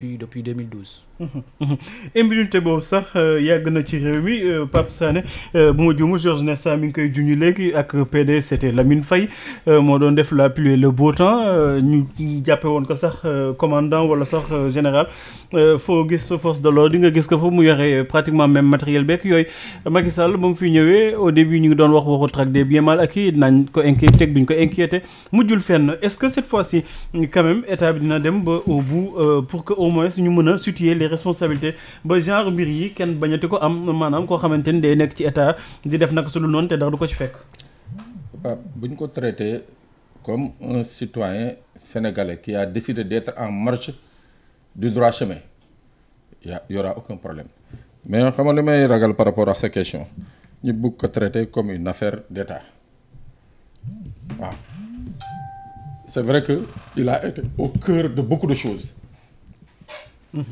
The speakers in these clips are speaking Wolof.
depuis 2012. immunité boobu sax euh, yàgg na ci réew mi euh, Pape Sané euh, bu ma juumu Georges Nessa ngi koy junj léegi ak PDS c'était Lamine Faye moo doon def la pluie le beau temps ñu jàppe woon ko sax commandant wala sax général foo gis force de l'ordre di nga gis ko fa mu yore pratiquement même matériel beeg yooyu Macky Sall ba mu fi ñëwee au début ñu ngi doon wax waxu traque des biens mal acquis nañ ko inquiété duñ ko inquiété mujjul fenn est-ce que cette fois-ci quand état bi dina dem ba au bout au suñu ñu mën a situer les responsabilités ba genre mbir yi kenn bañati ko am maanaam koo xamante ni day nekk ci état di def nag su lu noonu te dara du ko ci fekk. waaw ko traité comme un citoyen sénégalais qui a décidé d'être en marche du droit chemin y a y aucun problème mais xam nga li may ragal par rapport à sa question ñu bëgg ko traité comme une affaire d'État waaw c'est vrai que il a été au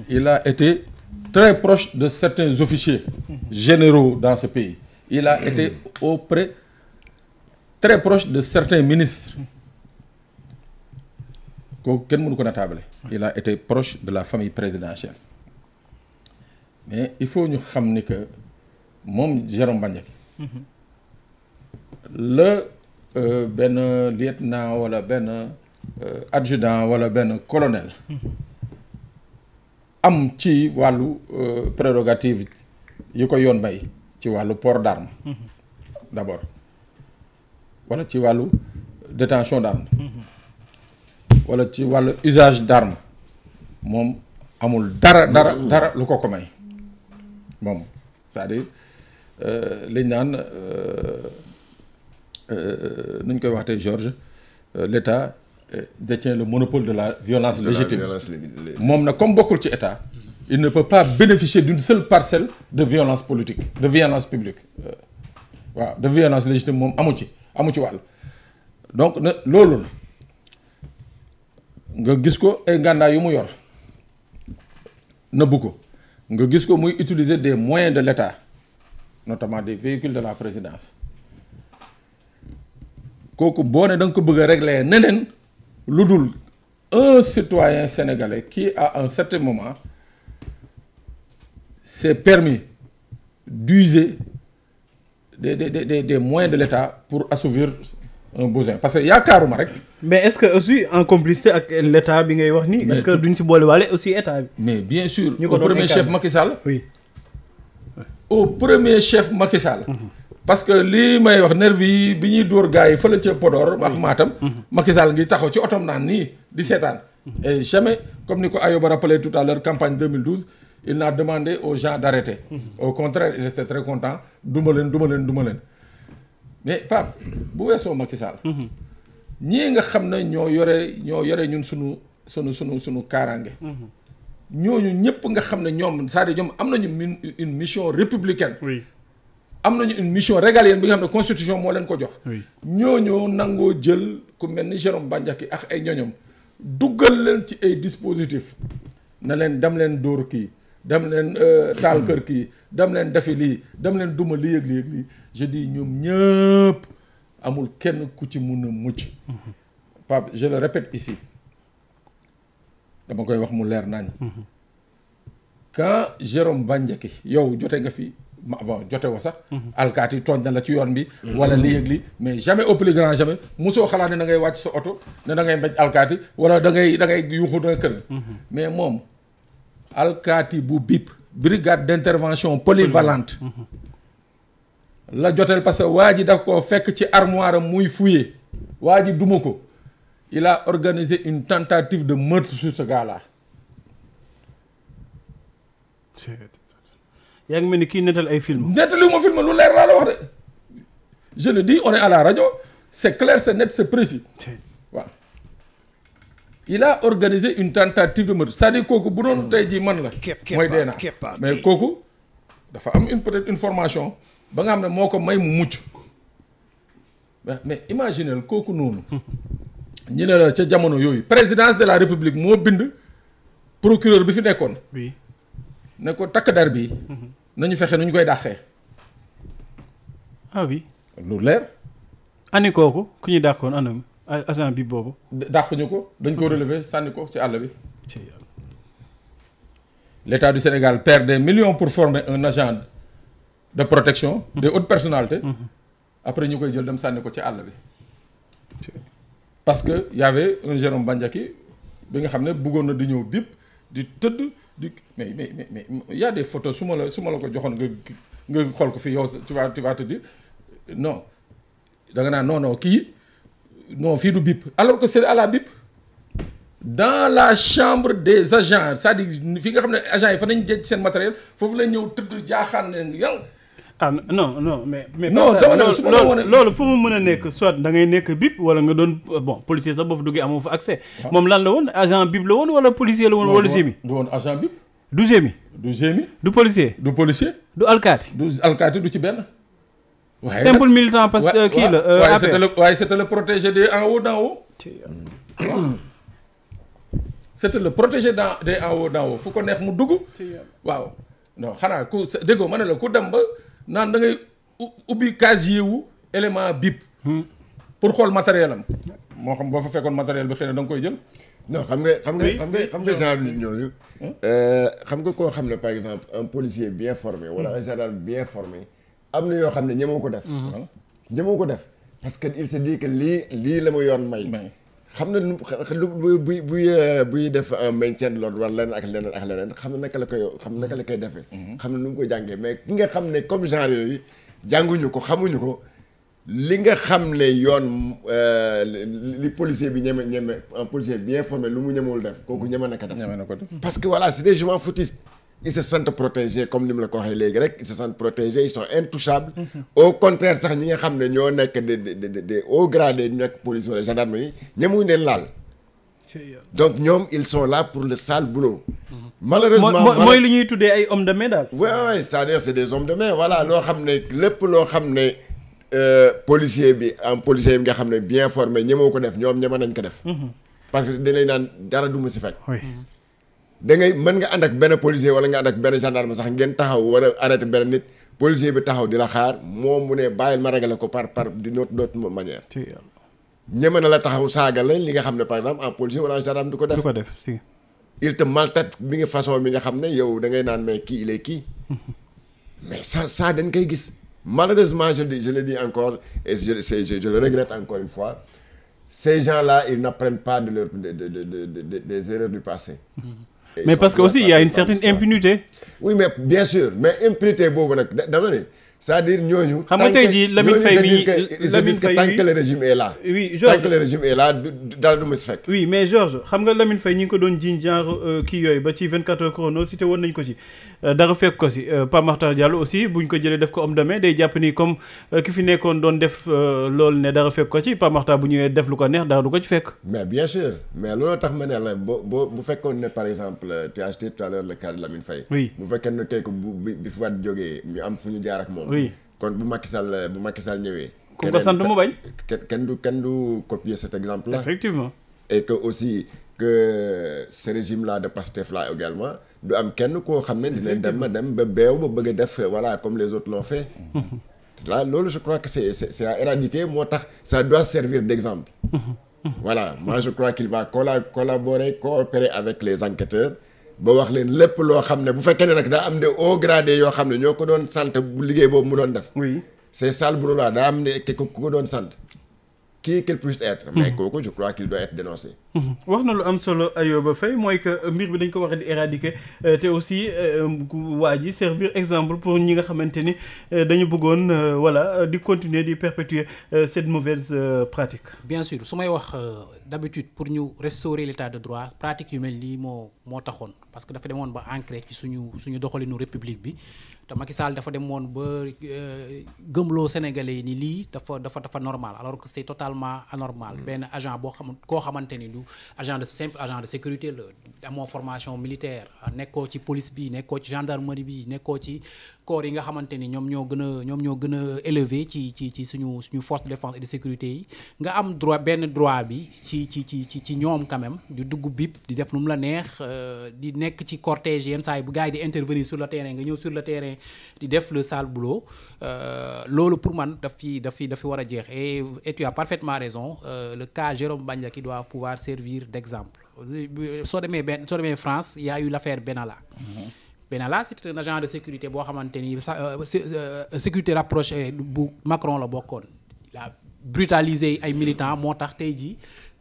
il a été très proche de certains officiers généraux dans ce pays il a été auprès très proche de certains ministres kooku kenn mënu ko nataabale il a été proche de la famille présidentielle mais il faut ñu xam ni que moom Jérôme Bandiaky la euh, benn lieutenant wala benn euh, adjudant wala benn colonel am ci wàllu euh, prérogative yu ko yoon may ci wàllu port d'arme mm-hmm. d'abord wala ci wàllu détention d'arme mm-hmm. wala ci wàllu usage d'arme moom amul dara dara dara lu ko ko may moom cest à euh, liñ naan euh, nuñ koy waxtee Georges l'État Euh, détient le monopole de la violence légitime moom nag comme bokkul ci état il ne peut pas bénéficier d'une seule parcelle de violence politique de violence publique euh, waaw de violence légitime moom amu ci amu ci wàll donc na loolu la nga gis ko ay ngàndaay yu mu yor nëbbu ko nga gis ko muy utiliser des moyens de l'État notamment des véhicules de la présidence kooku boo ne da nga ko bëgg a régler neneen lu dul un citoyen sénégalais qui à un certain moment s'est permis d'user des des de des de de l'État pour assouvir un besoin parce que yaakaaruma rek. mais est-ce que aussi en complicité ak l'État bi ngay wax ni. est-ce que duñ si boolewaale aussi État bi. mais bien sûr. au premier chef Macky Sall. oui. au premier chef Macky parce que li may wax nervi yi bi ñuy dóor gars yi fële ca Podor wax Matam. Mhm. Macky ngi taxaw ci otom naan nii di mhm. seetaan. Mhm. et jamais comme ni ko Ayoba rappelé tout à l'heure campagne 2012 il n'a demandé aux gens d'arrêter. au contraire il était très content duma leen duma leen leen. mais Pape bu weesoo Macky ñii nga xam ne ñoo yore ñoo yore ñun sunu sunu sunu sunu kaaraange. ñooñu ñëpp nga xam ne ñoom c'est-à-dire ñoom am nañu une mission républicaine. am nañu une mission régalienne bi nga xam ne constitution moo leen ko jox. ñooñoo nangoo jël ku mel ni Jérôme Bandiaky ak ay ñoñom duggal leen ci ay dispositifs na leen dem leen dóor kii dem leen euh, taal kër kii dem leen defi lii dem leen duma lii ak lii ak lii ñoom ñëpp kenn ku ci mun a mucc. Pape je le répète dama koy wax mu leer nañ. Mhm. quand Jérôme Bandiaky yow jote nga fi. bon jote woo sax alkaati tooñ na la ci yoon bi walla li yëg li mais jamais au plus grand jamais mosoo xalaat ne da ngay wàcc sa oto ne dangay ngay mbéj alkaati wala da ngay da ngay yuuxu da nga kër mais moom alkaati bu bip brigade d'intervention polyvalente la joteel parce que waa ji daf koo fekk ci armoire am muy fouillé waa ji duma ko il a organisé une tentative de meurtre sur sa gars yaa ngi mel ni kii nettal ay film nettali ma film lu leer laa la wax de je le dis on est à la radio c'est clair c'est net c'est précis waaw il une tentative de meurtre bu doon tey jii man la mooy dee naa ah, mais kooku dafa am une peut-être une formation ba xam ne moo ko may mu mucc mais imaginez kooku noonu ne la ca jamono yooyu présidence de la république moo bind procureur bi fi nekkoon oui ne ko takk der bi nañu fexe nu ñu koy dàqee. ah oui. lu leer. ani kooku ku ñuy dàqoon anam agent bi boobu. dàquñu ko dañ ko relever sànni ko ci àll bi. l'État du Sénégal perd des million pour former un agent de protection. Mhm. des hautes personnalités. Mhm. après ñu koy jël dem sànni ko ci àll bi. parce que y avait un Jérôme Bandiaki bi nga xam ne bëggoon na di ñëw bip. di tëdd di mais mais mais il y des photos su ma la su ma la ko joxoon nga nga xool ko fii yow tu vas tu vas te dire non da nga naan non kii non fii du bipp alors que c'est à la bip dans la chambre de agents c'est-à-dire nga xam ne agents yi fa nañ jëj seen matériel foofu lay ñëw tëdd jaaxaan ne yow ah non non mais. mais non dama ne su ma loolu fu mu mën a nekk soit da ngay nekk bip wala nga doon euh, bon policier sax boo fa duggee amoo fa accès. Ah. moom lan la woon agent bip la woon wala policier la woon. wala gémi du woon agent bip. du gémi. du gémi. du policier. du policier. du alkaati. du ci benn. waaye simple militant parce que kii la. Euh, waaye c'était le waaye c'était le protégé des en haut le protégé des en haut d'en haut fu ko neex mu dugg. waaw non xanaa ku déggoo ma la ku dem ba. naan da ngay ubbi casier wu élément bip. Hmm. pour xool matériel am. moo xam boo fa fekkoon matériel bi xëy na da nga koy jël. non xam nga xam nga xam nga xam nga genre nit ñooñu. Hmm? Euh, xam nga koo xam ne par exemple un policier bien formé wala hmm. un gendarme bien formé am na yoo xam ne ñemoo ko def. ñemoo ko def parce que il se dit que lii lii la ma yoon may. xam na lu buy buy euh, buy def un euh, maintien de l'ordre war leneen ak leneen ak leneen xam na naka la koy xam na naka la koy defee. Mm-hmm. xam na nu mu ko jàngee mais ki nga xam ne comme genre yooyu jànguñu ko xamuñu ko li nga xam ne yoon euh, li policier bi ñeme ñeme un policier bien formé lu mu ñemewul def kooku ñeme na ko def. ñeme parce que voilà c'est des gens foutistes. ils se sentent protégés comme ni mu la ko waxee léegi rek ils se sentent protégés ils sont intouchables au contraire sax ñi nga xam ne ñoo nekk des des des hauts gradés ñu nekk police wala gendarmerie ñemuñ leen laal donc ñoom ils sont là pour le sale boulot malheureusement mooy lu ñuy tuddee ay hommes de main daal oui oui c'est-à-dire de main voilà loo xam ne lépp loo xam ne euh, policier bi en policier yi nga xam ne bien formé ñemoo ko def ñoom ñema nañ ko def mhm. parce que da ngay mën nga ànd ak benn policier wala nga ànd ak benn gendarme sax ngeen taxaw war a arrêté benn nit policier bi taxaw di la xaar moom mu ne bàyyil ma régler ko par par d'une autre manière. ñeme na la taxaw saaga la li nga xam ne par exemple en policier wala gendarme du ko def. def si. il te maltraite bi nga façon bi nga xam ne yow da ngay naan mais kii il kii. mais ça ça dañ koy gis. malheureusement je le je le di encore et je je je le regrette encore une fois ces gens là ils de leur de de de de des passé. Mm-hmm. mais parce que aussi il y a une certaine impunité. oui mais bien sûr mais impunité boobu nag dama ne. cest à ñooñu. xam nga tey jii Lamine Faye bi mais Georges xam nga Lamine Faye ñi ngi ko doon jiiñ genre euh, kii yooyu ba ci 24 heures chrono cité woon nañu ko ci. Euh, dara fekk ko si euh, Pape Makhtar Diallo aussi ñu ko jëlee def ko homme de main day jàpp nii comme ki fi nekkoon doon def loolu ne dara fekk ko ci Pape Makhtar bu ñëwee def lu ko neex dara du ko ci fekk. mais bien sûr mais looloo tax ma ne la boo bu fekkoon ne par exemple tu as acheté tout à l'heure le cas de Lamine Faye. tey ko am fu ñu jaar ak oui kon bu Macky Sall bu Macky Sall ñëwee. ku ko sant mu kenn du kenn du copier cet exemple là. effectivement. et que aussi que ce régime là de Pastef là également du am kenn koo xam ne dina dem a dem ba beew ba bëgg def wala comme les autres l'ont fait. là loolu je crois que c'est à éradiquer moo tax ça doit servir d'exemple. voilà moi je crois qu'il va colla collaborer coopérer avec les enquêteurs. boo wax leen lépp loo xam ne bu fekkee ne nag daa am ne haut gradé yoo xam ne ñoo ko doon sant bu liggéey boobu mu doon def. oui ces salles bu daa am ne ku ko doon sant. qui qu'elle puisse être. mais mhm. kooku je crois qu'il mhm. wax na lu am solo Ayoba Faye mooy que mbir bi dañ ko waxee di éradiquer euh, te aussi euh, waa ji servir exemple pour ñi nga xamante ni euh, dañu bëggoon voilà di continuer di perpétuer cette mauvaise pratique. bien sûr su may wax d'habitude pour ñu restaurer l'état de droit pratique yu mel moo moo taxoon parce que dafa demoon ba ancré ci suñu suñu doxalinu république bi. te Macky dafa dem woon ba euh, gëmloo Sénégalais yi ni lii dafa dafa dafa normal alors que c' totalement anormal. Mm. benn agent boo xam koo xamante ni du agent de simple agent de sécurité la amoo formation militaire nekkoo ci police bi nekkoo ci gendarmerie bi nekkoo ci corps yi nga xamante ni ñoom ñoo gën a ñoom ñoo gën a élevé ci ci ci suñu suñu force de défense et de sécurité yi nga am droit benn droit bi ci ci ci ci ci ñoom quand du di dugg bip di def nu mu la neex euh, di nekk ci cortège yenn saa yi bu gars yi di intervenir sur le terrain le terrain. di def le sale boulot euh, loolu pour man daf fi daf fi daf war a jeex et et tu as parfaitement raison euh, le cas Jérôme Bandiaky doit pouvoir servir d'exemple soo demee benn soo France il y a eu l'affaire Benalla mm-hmm. Benalla c'est un agent de sécurité boo xamante ni euh, sécurité rapprochée bu Macron la bokkoon la brutaliser ay militants moo tax tey jii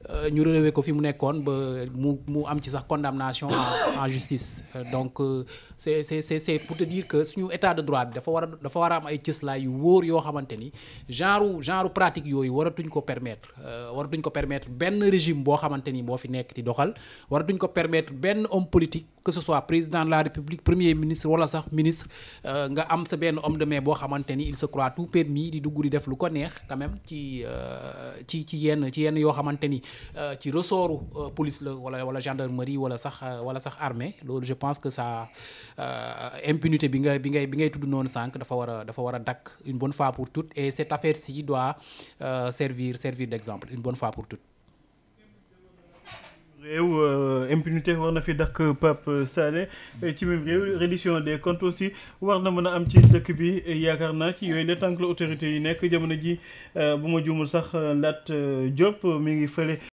Euh, ñu relevé ko fi mu nekkoon ba mu mu am ci sax condamnation en justice euh, donc euh, c'est c'est c'est c'est pour te dire que suñu état de droit bi dafa war a dafa war a am ay cëslaay yu wóor yoo xamante ni genre genre pratique yooyu waratuñ ko permettre waratuñ ko permettre benn régime boo xamante ni boo fi nekk di doxal waratuñ ko permettre benn homme politique. que ce soit président de la république premier ministre wala sax ministre euh, nga am sa benn homme de main boo xamante ni il se croit tout permis di dugg di def lu ko neex même ci euh, ci ci yenn ci yenn yoo xamante ni euh, ci ressortu police la wala wala gendarmerie wala sax wala sax armée loolu je pense que ça impunité bi nga bi ngay bi ngay tudd noonu sànq dafa war a dafa war a dakk une bonne fois pour toutes et cette affaire ci doit servir servir d'exemple une bonne fois pour toutes réew euh, impunité war na fi dakk Pape Sané ci même réew reddition des comptes aussi war na mën a am ci dëkk bi yaakaar naa ci yooyu la tànk la autorité yi nekk jamono ji euh, bu ma jumul sax Lat Diop mi ngi fële